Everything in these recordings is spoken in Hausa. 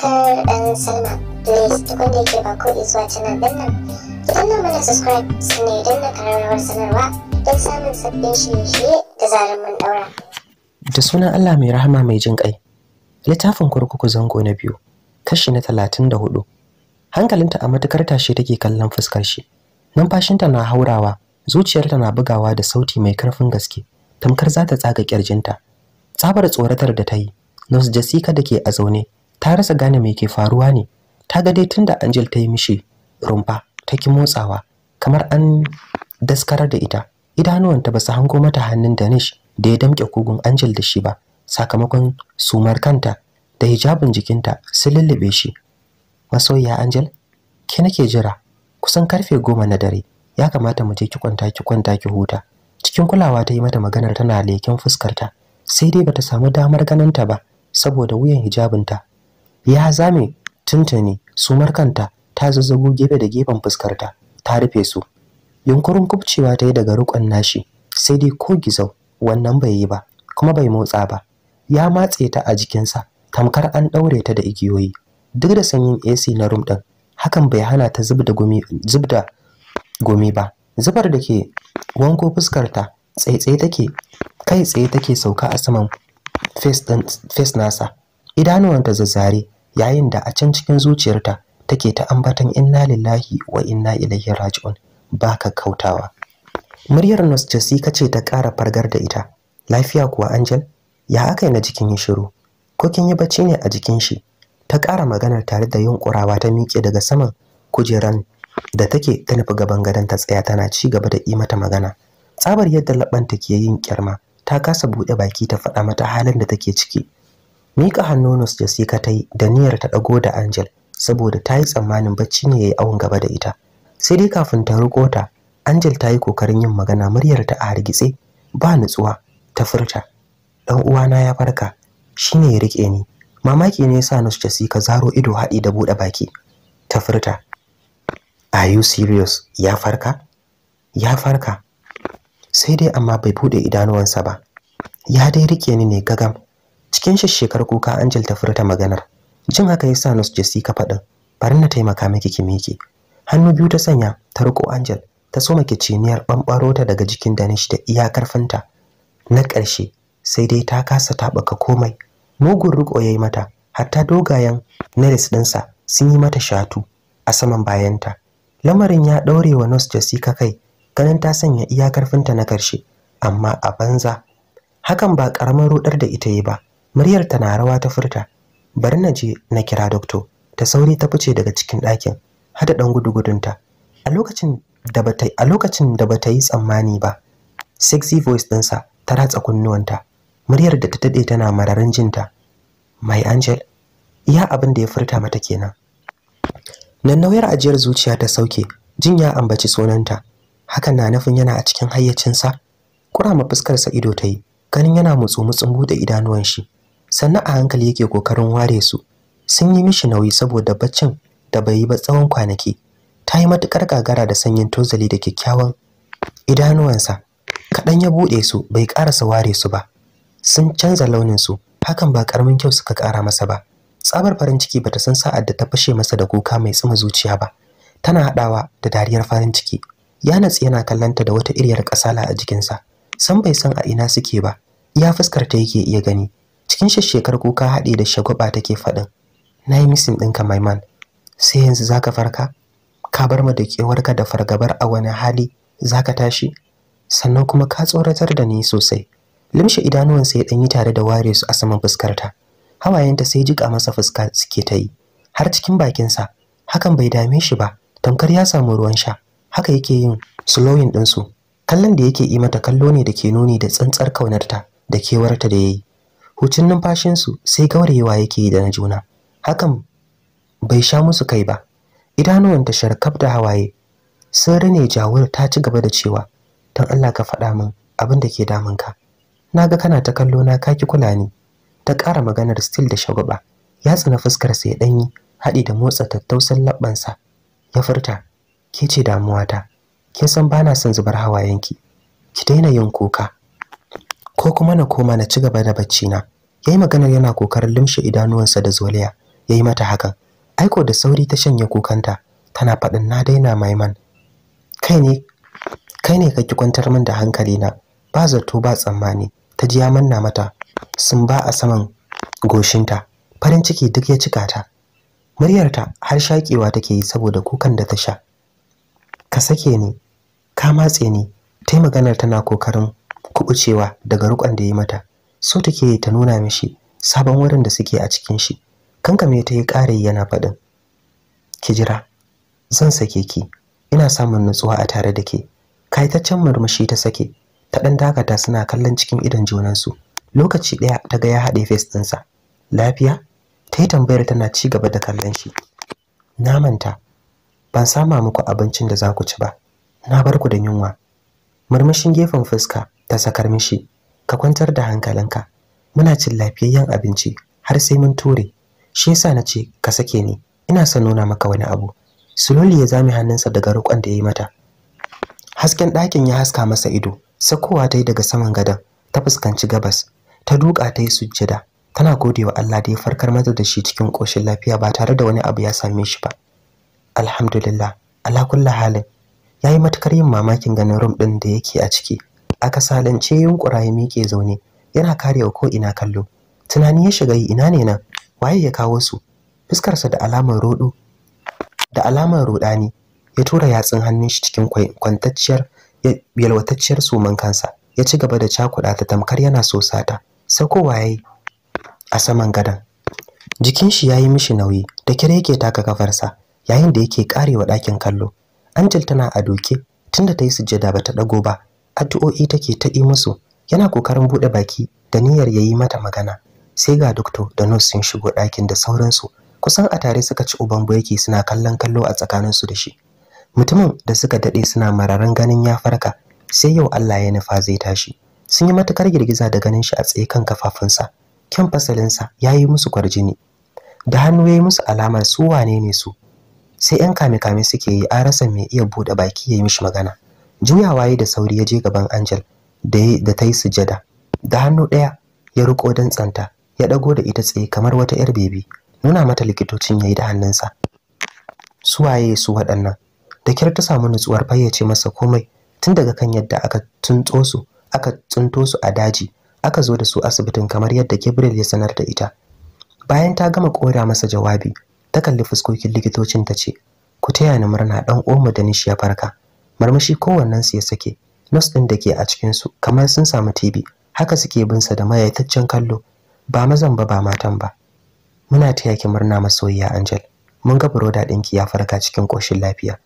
subscribe and sign up. Please da yake ba ko subscribe sanarwa don samun sabbin da sunan Allah mai rahama mai jin ƙai. Littafin kurkuku zango na biyu, kashi na talatin da hudu. Hankalinta a matukar tashi take kallon fuskar shi. Numfashinta na haurawa, zuciyarta na bugawa da sauti mai karfin gaske, tamkar za ta tsaga ƙirjinta. Tsabar tsoratar da ta yi, Nurse Jessica da ke a zaune ta rasa gane me ke faruwa ne ta ga dai tunda Angel ta yi mishi rumfa ta ki motsawa kamar an daskarar da ita idanuwanta ba su hango mata hannun Danish da ya damke kugun Angel da shi ba sakamakon sumar kanta da hijabin jikinta su lullube shi masoyiya Angel ke nake jira kusan karfe goma na dare ya kamata mu je ki kwanta ki kwanta ki huta cikin kulawa ta yi mata maganar tana leken fuskarta sai dai bata samu damar ganin ta ba saboda wuyan hijabinta ya zame tuntuni su markanta ta zazzago gefe da gefen fuskarta ta rufe su yunkurin kubcewa ta yi daga rukun nashi sai dai ko gizo wannan bai yi ba kuma bai motsa ba ya matse ta a jikinsa tamkar an daure ta da igiyoyi duk da sanyin ac na rum ɗin hakan bai hana ta zub da gumi zub gumi ba zubar da ke wanko fuskarta tsaitsaye take kai tsaye take sauka a saman face nasa idanuwanta zazzare yayin da a can cikin zuciyarta take ta ambatan inna lillahi wa inna ilaihi raji'un baka kautawa muryar nurse Jessica ce ta ƙara fargar da ita lafiya kuwa Angel ya aka yi na jikin ya shiru ko kin yi bacci ne a jikin shi ta ƙara maganar tare da yunƙurawa ta miƙe daga saman kujeran da take ta nufi gaban gadon ta tsaya tana ci gaba da yi mata magana tsabar yadda labanta ke yin kyarma ta kasa buɗe baki ta faɗa mata halin da take ciki Mika hannunus da sika ta yi da niyyar ta ɗago da Angel saboda ta yi tsammanin bacci ne ya yi awon gaba da ita. Sai dai kafin ta riko ta, Angel ta yi kokarin yin magana muryar ta a hargitse ba nutsuwa ta furta. Dan uwana ya farka shine ya rike ni. Mamaki ne yasa Nus ka zaro ido haɗi da buɗe baki. Ta furta. Are you serious? Ya farka? Ya farka. Sai dai amma bai buɗe idanuwansa ba. Ya dai rike ni ne gagam cikin shekar kuka Angel ta furta maganar jin haka ya sa Nurse ka faɗin bari na taimaka miki ki miki hannu biyu ta sanya ta riko Angel ta soma kiciniyar bambaro ta daga jikin Danish da iya karfinta na ƙarshe sai dai ta kasa taɓaka komai mugun riko yayi mata hatta dogayen din ɗinsa sun yi mata shatu a saman bayanta lamarin ya daure wa Nurse ka kai ganin ta sanya iya karfinta na ƙarshe amma a banza hakan ba ƙaramin rudar da ita yi ba muryar ta na rawa ta furta bari na je na kira Dokto. ta sauri ta fice daga cikin ɗakin hada dan gudu-gudunta, a lokacin da ta a lokacin da bata yi tsammani ba sexy voice ɗinsa ta ratsa kunnuwanta muryar da ta dade tana mararin jinta my angel iya abin da ya furta mata kenan nan nauyar ajiyar zuciya ta sauke jin ya ambaci sunanta hakan na nufin yana a cikin hayyacinsa kurama fuskarsa ido ta yi ganin yana mutsu mutsun bude idanuwan shi sannan a hankali yake kokarin ware su sun yi mishi nauyi saboda baccin da bai yi ba tsawon kwanaki ta yi matukar gagara da sanyin tozali da kyakkyawan idanuwansa kaɗan ya buɗe su bai ƙarasa ware su ba sun canza launin su hakan ba ƙaramin kyau suka ƙara masa ba tsabar farin ciki bata san sa'ad da ta fashe masa da kuka mai tsuma zuciya ba tana haɗawa da dariyar farin ciki ya natsi yana kallanta da wata iriyar kasala a jikinsa san bai san a ina suke ba iya fuskar ta yake iya gani cikin shekar kuka haɗe da shagwaba take faɗin na yi misin ɗinka maiman sai yanzu za ka farka ka bar mu da kewarka da fargabar a wani hali za ka tashi sannan kuma ka tsoratar da ni sosai limshe idanuwansa ya ɗanyi tare da ware su a saman fuskarta hawayenta sai jiƙa masa fuska suke ta yi har cikin bakinsa hakan bai dame shi ba tamkar ya samu ruwan sha haka yake yin slowing ɗinsu kallon da yake yi mata kallo ne da ke nuni da tsantsar kaunarta da kewarta da ya yi hucin numfashinsu sai gaurewa yake da na juna hakan bai sha musu kai ba Idanuwan idanuwanta sharkaf da hawaye sun rane jawur ta ci gaba da cewa don allah ka faɗa min abin da ke damunka na ga kana ta kallo na kaki kula ni ta ƙara maganar stil da shagwaba ya tsina sa ya ɗanyi haɗi da motsa tattausan labbansa ya furta ke ce damuwata ke san ba son zubar hawayenki ki daina yin kuka ko kuma na koma na ci gaba da bacci na yayi maganar yana kokarin limshe idanuwansa da zoliya yayi mata hakan aiko da sauri ta shanye kukanta tana faɗin na daina maiman kai ne kai ne kake kwantar min da hankali na ba zato ba tsammani ta ji ya manna mata sun ba a saman goshinta farin ciki duk ya cika ta muryarta har shakewa take yi saboda kukan da ta sha ka sake ni ka matse ni tai maganar tana kokarin kubucewa daga rukon da ya mata so take ta nuna mishi sabon wurin da suke a cikin shi kankame ta yi ƙare yana faɗin ki jira zan sake ki ina samun nutsuwa a tare da ke Kaitaccen murmushi ta sake ta ɗan dakata suna kallon cikin idon junansu lokaci ɗaya ta ga ya haɗe fes ɗinsa lafiya ta yi tambayar tana ci gaba da kallon shi na manta ban sama muku abincin da za ku ci ba na bar ku da yunwa murmushin gefen fuska ta sakar mishi ka kwantar da hankalinka muna cin lafiyayyen abinci har sai mun ture shi yasa na ce ka sake ni ina son nuna maka wani abu suloli ya zame hannunsa daga rukon da ya yi mata hasken ɗakin ya haska masa ido sakowa ta yi daga saman gadon ta fuskanci gabas ta duka ta yi sujjada tana gode wa Allah da ya farkar mata da shi cikin ƙoshin lafiya ba tare da wani abu ya same shi ba alhamdulillah ala kulli halin yayi matukar yin mamakin ganin rum ɗin da yake a ciki a kasalance yunkura ya miƙe zaune yana karewa ko ina kallo tunani ya shiga yi ina ne nan waye ya kawo su fuskarsa da alamar rodo da alamar rodani ya tura yatsun hannun shi cikin kwantacciyar yalwatacciyar suman kansa ya ci gaba da cakuɗa ta tamkar yana so sata saukowa yayi a saman gadon. jikin shi yayi mishi nauyi da kire yake taka kafarsa yayin da yake karewa ɗakin kallo Angel tana a doke tunda ta yi sujjada ba ta ɗago ba addu'o'i take ta yi musu yana kokarin bude baki da niyyar yayi mata magana sai ga doctor da nurse sun shigo ɗakin da sauransu kusan a tare suka ci uban yake suna kallon kallo a su da shi mutumin da suka dade suna mararan ganin ya farka sai yau Allah ya nufa zai tashi sun yi matukar girgiza da ganin shi a tsaye kan kafafunsa kyan fasalinsa ya yi musu kwarjini da hannu ya yi musu alamar su wane ne su sai 'yan kame-kame suke yi an rasa mai iya buɗe baki ya yi mishi magana juyawa ya da sauri ya je gaban Angel da ta yi sujada da hannu ɗaya ya riko dantsanta, tsanta ya ɗago da ita tsaye kamar wata 'yar bebi nuna mata likitocin ya yi da hannunsa su waye su waɗannan da kyar ta samu nutsuwar fayyace masa komai tun daga kan yadda aka tuntso su aka tsunto su a daji aka zo da su asibitin kamar yadda Gabriel ya sanar da ita bayan ta gama kora masa jawabi ta kalli fuskokin likitocin ta ce ku taya ni murna dan omu da nishi ya farka marmashi su ya sake nos ɗin da ke a cikin su kamar sun samu TV haka suke bin sa da mayataccen kallo ba mazan ba ba matan ba muna taya ki murna masoyiya angel mun ga broda dinki ya farka cikin koshin lafiya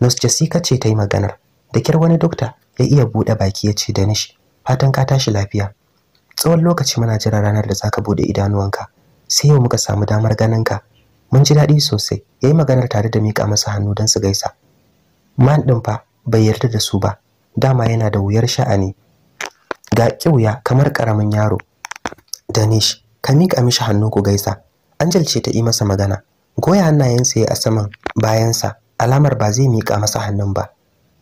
nos jessica ce ta yi maganar da kyar wani dokta ya iya buɗe baki ya ce da nishi fatan ka tashi lafiya tsawon lokaci muna jira ranar da zaka buɗe idanuwanka sai yau muka samu damar ganin ka mun ji daɗi sosai ya yi maganar tare da mika masa hannu don su gaisa man din fa bai yarda da su ba dama yana da wuyar sha'ani ga kyauya kamar karamin yaro danish ka miƙa mishi hannu ku gaisa angel ce ta yi masa magana goya hannayensa ya a saman bayansa alamar ba zai mika masa hannun ba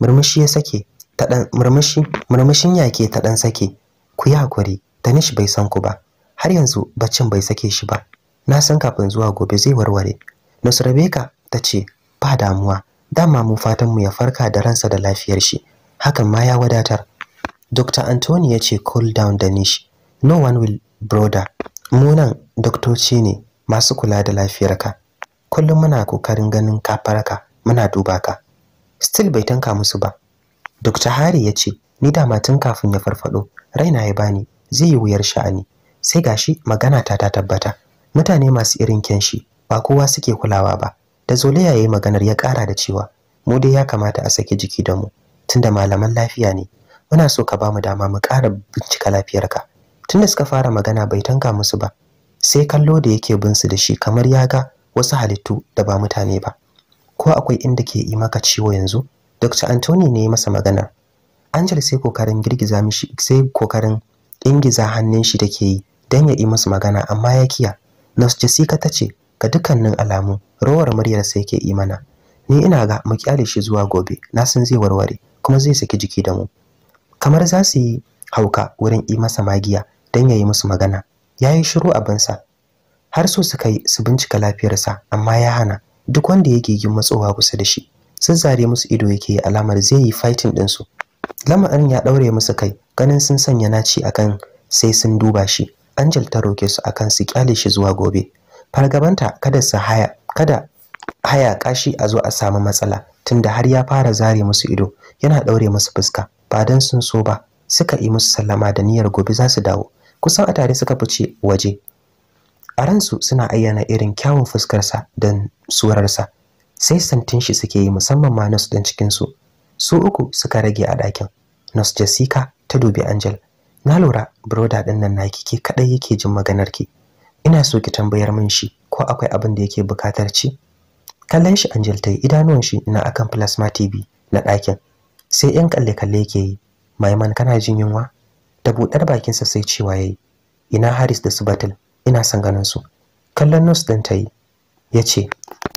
murmushi ya sake ta dan murmushi murmushin yake ta dan sake ku yi hakuri danish bai san ku ba har yanzu baccin bai sake shi ba na san kafin zuwa gobe zai warware nasrabeka ta ce ba damuwa dama mu fatan mu ya farka da ransa da lafiyar shi hakan ma ya wadatar Dr. Anthony ya ce cool down da nish no one will brother munan nan doktoci ne masu kula da lafiyar ka. kullum muna kokarin ganin ka farka muna duba ka still bai tanka musu ba Dr. Hari ya ce ni dama tun kafin ya farfado raina ya bani zai yi wuyar sha'ani sai gashi magana ta ta tabbata mutane masu irin kyanshi ba kowa suke kulawa ba da zole ya yi maganar ya ƙara da cewa mu dai ya kamata a saki jiki da mu tunda malaman lafiya ne muna so ka bamu dama mu ƙara bincika lafiyarka tunda suka fara magana bai tanka musu ba sai kallo da yake bin su da shi kamar ya ga wasu halittu da ba mutane ba ko akwai inda ke yi maka ciwo yanzu dr anthony ne ya masa magana. angel sai kokarin girgiza mishi sai kokarin ingiza hannun shi take yi dan ya yi musu magana amma ya kiya nurse jessica ta ce ga dukkanin alamu rawar muryar sai ke imana ni ina ga mu kyale shi zuwa gobe na san zai warware kuma zai saki jiki da mu kamar za su yi hauka wurin yi masa magiya don ya yi musu magana ya yi shiru abinsa har so suka yi su bincika lafiyarsa amma ya hana duk wanda yake yin matsowa kusa da shi sun zare musu ido yake alamar zai yi fighting ɗinsu lamarin ya ɗaure musu kai ganin sun sanya naci akan sai sun duba shi Angel ta roke su akan su kyale shi zuwa gobe fargabanta kada su haya kada haya kashi a zo a samu matsala tunda har ya fara zare musu ido yana daure musu fuska ba dan sun so ba suka yi musu sallama da niyyar gobe za su dawo kusan a tare suka fice waje a ransu suna ayyana irin kyawun fuskarsa da surarsa sai santin shi suke yi musamman ma nasu dan cikinsu su uku suka rage a ɗakin Nas jessica ta dubi angel na lura broda ɗin nan naki ke kaɗai yake jin maganar ki ina so ki tambayar min shi ko akwai abin da yake bukatar ci kallon shi Angel ta idanuwan shi ina akan plasma TV na ɗakin sai yan kalle kalle yake yi Mai Maiman kana jin yunwa da buɗar bakinsa sai cewa yayi ina Haris da su battle ina son ganin su kallon nurse din ta yi yace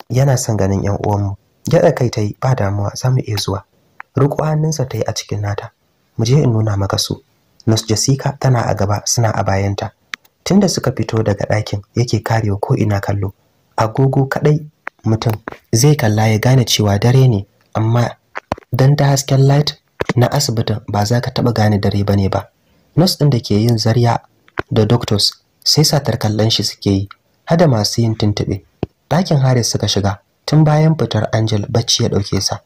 yana son ganin yan uwanmu gyaɗa kai ta ba damuwa za mu iya zuwa riko hannunsa ta yi a cikin nata Muje in nuna maka su nurse Jessica tana a gaba suna a bayanta tunda suka fito daga ɗakin yake karewa ko ina kallo agogo kaɗai mutum zai kalla ya gane cewa dare ne amma dan ta hasken light na asibitin ba za ka taba gane dare bane ba nurse ɗin da ke yin zarya da doctors sai satar kallon shi suke yi hada masu yin tuntube ɗakin Haris suka shiga tun bayan fitar Angel bacci ya ɗauke sa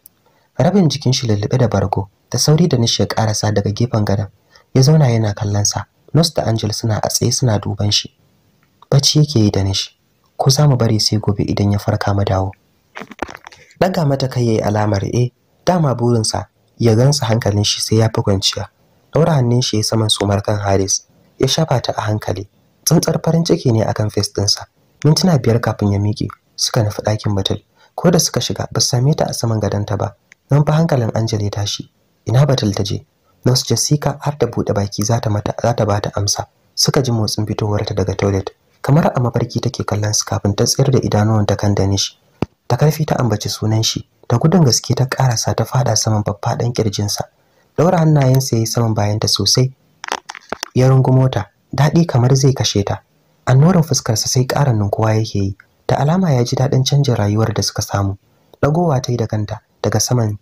rabin jikin shi lullube da bargo da sauri da nishi ya karasa daga gefen gadon ya zauna yana kallon sa Nos da Angel suna a tsaye suna duban shi. Bacci yake yi da nishi. Ko za mu bari sai gobe idan ya farka mu dawo. Daga mata kai yayi alamar eh dama burinsa ya gansa hankalin shi sai ya fi kwanciya. Daura hannun shi ya saman sumar kan Haris ya shafa ta a hankali. Tsantsar farin ciki ne akan face ɗinsa. Mintuna biyar kafin ya miƙe suka nufi ɗakin Batul. Ko da suka shiga ba su same ta a saman ta ba. Nan fa hankalin Angel ya tashi. Ina Batul ta je? Nurse Jessica har da buɗe baki za ta mata za ta bata amsa. Suka ji motsin fitowarta daga toilet. Kamar a mabarki take kallon su kafin ta tsayar da ta kan Danish. Ta karfi ta ambaci sunan shi. Da gudun gaske ta karasa ta fada saman ɗan kirjinsa. Daura hannayensa ya yi saman bayanta sosai. Ya rungu mota, daɗi kamar zai kashe ta. Annoran fuskarsa sai ƙaran ninkuwa yake yi. Ta alama ya ji daɗin canjin rayuwar da suka samu. Ɗagowa ta yi da kanta daga saman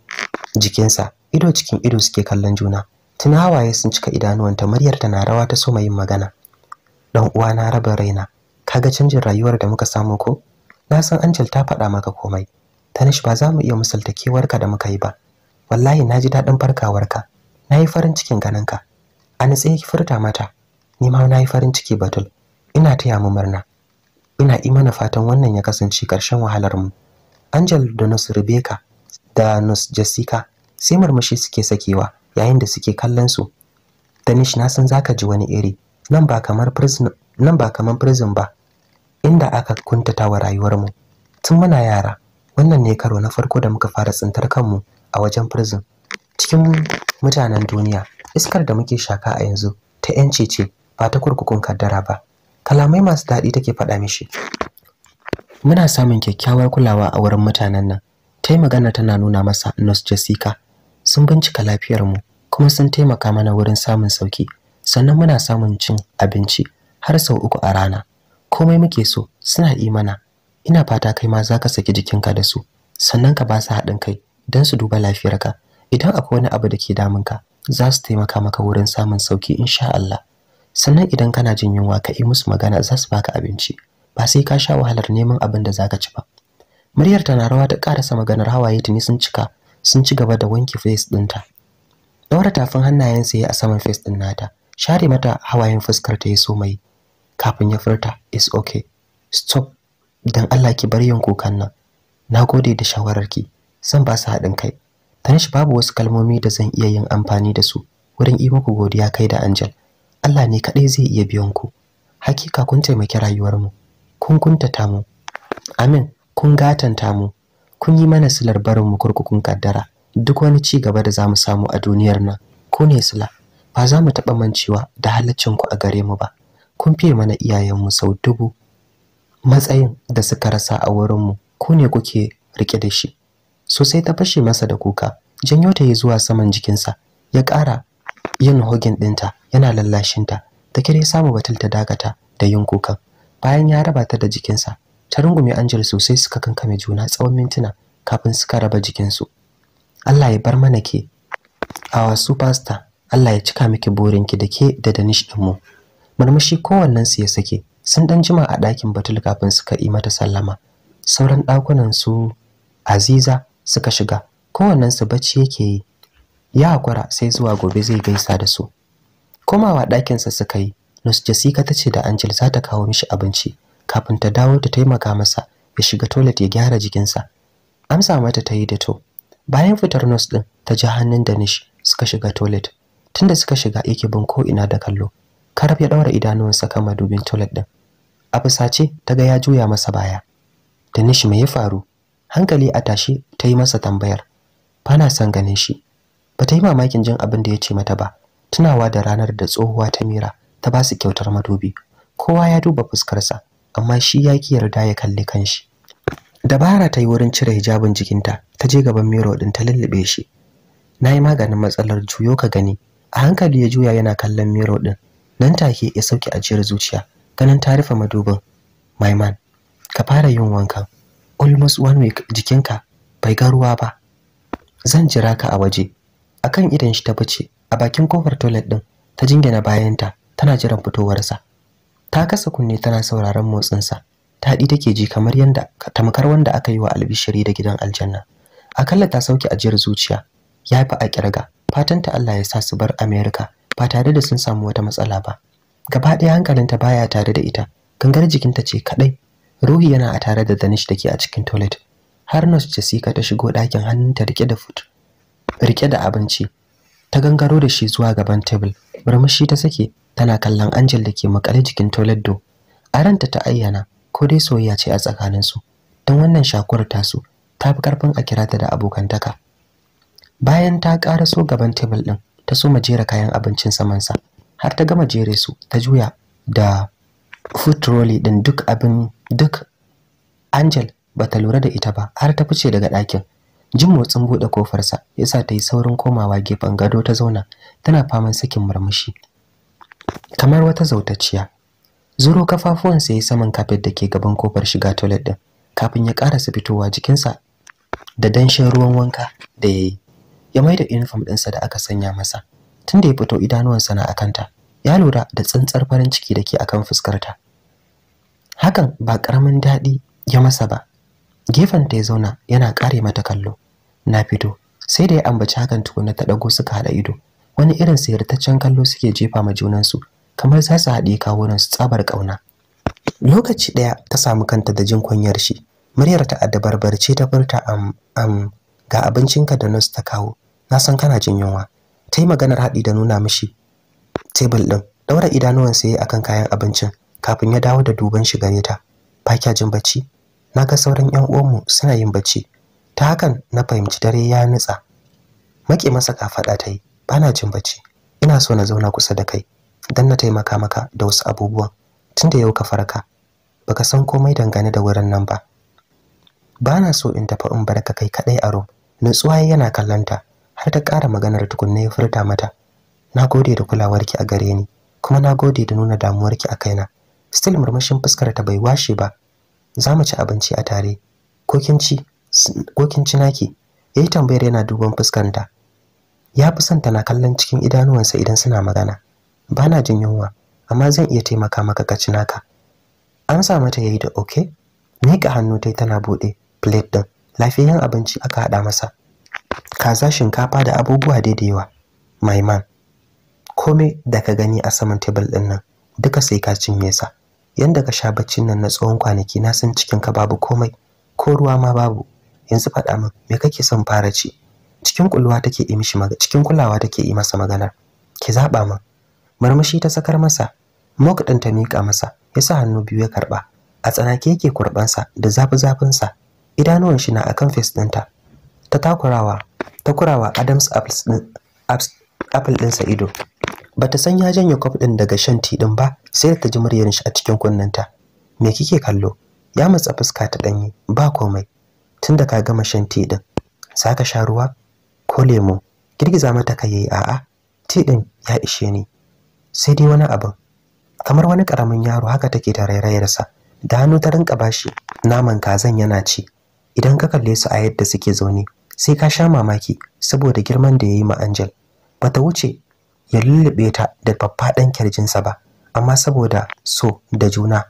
jikinsa ido cikin ido suke kallon juna tuni hawaye sun cika idanuwanta muryar na rawa ta so yin magana dan uwa na raba raina kaga canjin rayuwar da muka samu ko na san Angel ta faɗa maka komai Tanish ba za mu iya misalta kewarka da muka yi ba wallahi na ji daɗin farkawarka na yi farin cikin ganinka a nitse ki furta mata ni ma na yi farin ciki batul ina taya mu murna ina imana fatan wannan ya kasance ƙarshen wahalar mu Angel da Nus Rebecca da Nus Jessica sai murmushi suke sakewa yayin da suke kallon su danish na san zaka ji wani iri nan ba kamar prison nan ba kamar prison ba inda aka kuntata wa rayuwar mu tun muna yara wannan ne karo na farko da muka fara tsintar kanmu a wajen prison cikin mutanen duniya iskar da muke shaka a yanzu ta yanci ce ba ta kurkukun kaddara ba kalamai masu daɗi take faɗa mishi muna samun kyakkyawar kulawa a wurin mutanen nan ta yi magana tana nuna masa nurse jessica sun bincika lafiyar mu kuma sun taimaka mana wurin samun sauki sannan muna samun cin abinci har sau uku a rana komai muke so suna yi mana ina fata kai ma zaka saki jikinka da su sannan ka ba su haɗin kai don su duba lafiyarka idan akwai wani abu da ke damunka za su taimaka maka wurin samun sauki insha Allah sannan idan kana jin yunwa ka yi musu magana za su baka abinci ba sai ka sha wahalar neman abin da zaka ci ba muryar tana rawa ta karasa maganar hawaye tuni sun cika sun ci gaba da wanke face ɗinta daura tafin hannayensa ya a saman face ɗin nata share mata hawayen fuskar ta ya somai. kafin ya furta it's okay stop dan Allah ki bar yin kukan nan nagode da shawararki zan ba su haɗin kai tanish babu wasu kalmomi da zan iya yin amfani da su wurin yi muku godiya kai da Angel Allah ne kaɗai zai iya biyan ku hakika kun taimaki rayuwarmu kun kuntata mu amin kun gatanta mu kun yi mana silar barin mu kurkukun kaddara duk wani ci gaba da za mu samu a duniyar nan ku ne sila ba za mu taɓa mancewa da halaccin ku a gare mu ba kun fiye mana iyayen mu sau dubu matsayin da suka rasa a wurin mu ku ne kuke rike da shi sosai ta fashe masa da kuka janyo ta yi zuwa saman jikinsa ya ƙara yin hogin ɗinta yana lallashinta ta kire samu batul ta dakata da yin kukan bayan ya raba ta da jikinsa ta rungume Angel sosai suka kankame juna tsawon mintuna kafin suka raba jikinsu. Allah ya bar mana ke wasu, superstar Allah ya cika miki burinki da ke da danish ɗinmu. Murmushi kowannensu ya sake sun ɗan jima a ɗakin batul kafin suka yi mata sallama. Sauran ɗakunan su Aziza suka shiga kowannensu bacci yake yi ya hakura sai zuwa gobe zai gaisa da su. Komawa ɗakinsa suka yi Nurse Jessica ta da Angel za ta kawo mishi abinci kafin ta dawo ta taimaka masa ya shiga toilet ya gyara jikinsa amsa mata ta yi da to bayan fitar nos ɗin, ta ji hannun da danish suka shiga toilet tunda suka shiga yake bin ko'ina da kallo karab ya daura idanuwansa kan madubin toilet din a fusace ta ga ya juya masa baya danish mai ya faru hankali a tashi ta yi masa tambayar bana son ganin shi ba ta yi mamakin jin abin da ya ce mata ba tunawa da ranar da tsohuwa ta mira ta ba su kyautar madubi kowa ya duba fuskarsa amma shi ya ki yarda ya kalli kanshi dabara ta yi wurin cire hijabin jikinta ta je gaban miro ɗin ta lullube shi na yi maganin matsalar juyo ka gani a hankali ya juya yana kallon miro ɗin. nan take ya sauke ajiyar zuciya ganin ta rufe madubin my man ka fara yin wankan almost one week jikinka bai ga ruwa ba zan jira ka a waje akan idan shi ta fice a bakin kofar toilet ɗin ta jingina bayanta tana jiran fitowarsa ta kasa kunne tana sauraron motsinsa taɗi take ji kamar yadda tamkar wanda aka yi wa albishiri da gidan aljanna akalla ta sauke ajiyar zuciya ya fi a kirga fatan ta Allah ya sa su bar America ba tare da sun samu wata matsala ba gaba ɗaya hankalinta baya tare da ita gangar jikinta ce kaɗai ruhi yana a tare da danish da ke a cikin toilet har nurse jessica ta shigo ɗakin hannunta rike da food rike da abinci ta gangaro da shi zuwa gaban table murmushi ta sake tana kallon Angel da ke makale jikin Toledo. A ranta ta ayyana ko dai soyayya ce a tsakaninsu, don wannan shakuwar tasu ta fi karfin a kira ta da abokantaka. Bayan ta so gaban tebul ɗin, ta so jera kayan abincin samansa, har ta gama jere su ta juya da food trolley ɗin duk abin duk Angel ba ta lura da ita ba har ta fice daga ɗakin. Jin motsin buɗe kofarsa yasa ta yi saurin komawa gefen gado ta zauna tana faman sakin murmushi. kamar wata zautacciya zuro kafafuwansa ya saman kafet da ke gaban kofar shiga toilet din kafin ya karasa fitowa jikinsa da danshin ruwan wanka da ya yi ya maida uniform ɗinsa da aka sanya masa tunda ya fito idanuwansa na akanta ya lura da tsantsar farin ciki da ke akan fuskarta hakan ba ƙaramin daɗi ya masa ba gefenta ya zauna yana ƙare mata kallo na fito sai da ya ambaci hakan tukuna ta ɗago suka haɗa ido wani irin sayartaccen kallo suke jefa ma junansu kamar za su haɗe kawunan su tsabar ƙauna lokaci ɗaya ta samu kanta da jin kunyar shi muryar ta ce ta furta am am ga abincinka da nurse ta kawo na san kana jin yunwa ta yi maganar haɗi da nuna mishi tebul ɗin ɗaura idanuwan sai akan kayan abincin kafin ya dawo da duban shi gare ta ba kya jin bacci na ga sauran 'yan uwanmu suna yin bacci ta hakan na fahimci dare ya nutsa maƙe masa kafaɗa ta yi bana jin bacci ina so na zauna kusa da kai dan na taimaka maka da wasu abubuwan tunda yau ka farka baka san komai dangane da wurin nan ba bana so in tafi in bar ka kai kadai a room nutsuwa yana kallanta har ta ƙara maganar tukunna ya furta mata na gode da kulawarki a gare ni kuma na gode da nuna damuwarki a kaina still murmushin fuskar ta bai washe ba za mu ci abinci a tare ko kin ci naki yayi tambayar yana duban fuskar ta ya fi son tana kallon cikin idanuwansa idan suna magana ba na jin yunwa amma zan iya taimaka maka ka ci An sa mata yayi da oke. miƙa hannu tai tana buɗe plate din lafiyayyen abinci aka haɗa masa kaza shinkafa da abubuwa da yawa maiman kome da ka gani a saman tebul din nan duka sai ka cinye sa yanda ka sha baccin nan na tsawon kwanaki na san cikin ka babu komai ko ruwa ma babu yanzu faɗa min me kake son fara ci cikin kulluwa take yi mishi cikin kulawa take yi masa maganar ki zaba min Marmashi ta sakar masa mok din ta mika masa yasa hannu biyu ya karba a tsanake yake sa da zafi zafin sa idanuwan shi na akan face dinta ta takurawa ta kurawa Adams apples din apple din sa ido bata san ya janye kwaf din daga shan ti din ba sai ta ji muryar shi a cikin ta. me kike kallo ya matsa fuska ta danye ba komai tunda ka gama shan ti din ka sha ruwa ko lemo girgiza mata kai yayi a'a ti din ya ishe ni sai dai wani abu. kamar wani karamin yaro haka take ta rairayarsa da hannu ta rinka bashi naman kazan yana ci idan ka kalle su a yadda suke zaune sai ka sha mamaki saboda girman da yayi ma Angel bata wuce ya lullube ta da faffaɗan kirjinsa ba amma saboda so da juna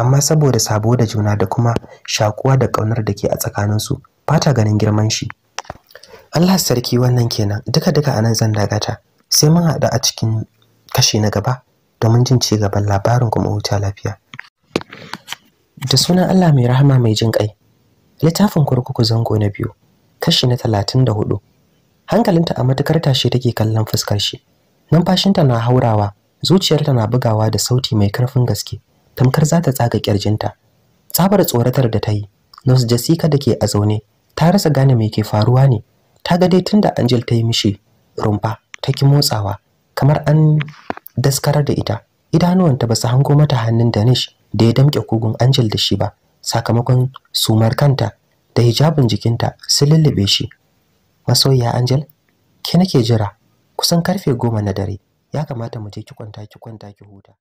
amma saboda sabo da juna da kuma shakuwa da ƙaunar da ke a tsakaninsu ba ta ganin girman shi Allah sarki wannan kenan duka duka anan zan ta, sai mun haɗu a cikin kashi na gaba domin jin ci gaban labarin kuma huta lafiya da sunan Allah mai rahama mai jin kai littafin kurkuku zango na biyu kashi na talatin da hudu hankalinta a matukar tashi take kallon fuskar shi numfashinta na haurawa zuciyarta na bugawa da sauti mai karfin gaske tamkar za ta tsaga kirjinta tsabar tsoratar da ta yi nurse jessica da ke a zaune ta rasa gane me ke faruwa ne ta ga dai tun da Angel ta yi mishi rumfa ta ki motsawa kamar an daskarar da ita idanuwanta ba su hango mata hannun Danish da ya damke kugun Angel da shi ba sakamakon sumar kanta da hijabin jikinta su lullube shi masoyiya Angel ki nake jira kusan karfe goma na dare ya kamata mu je ki kwanta ki kwanta ki huta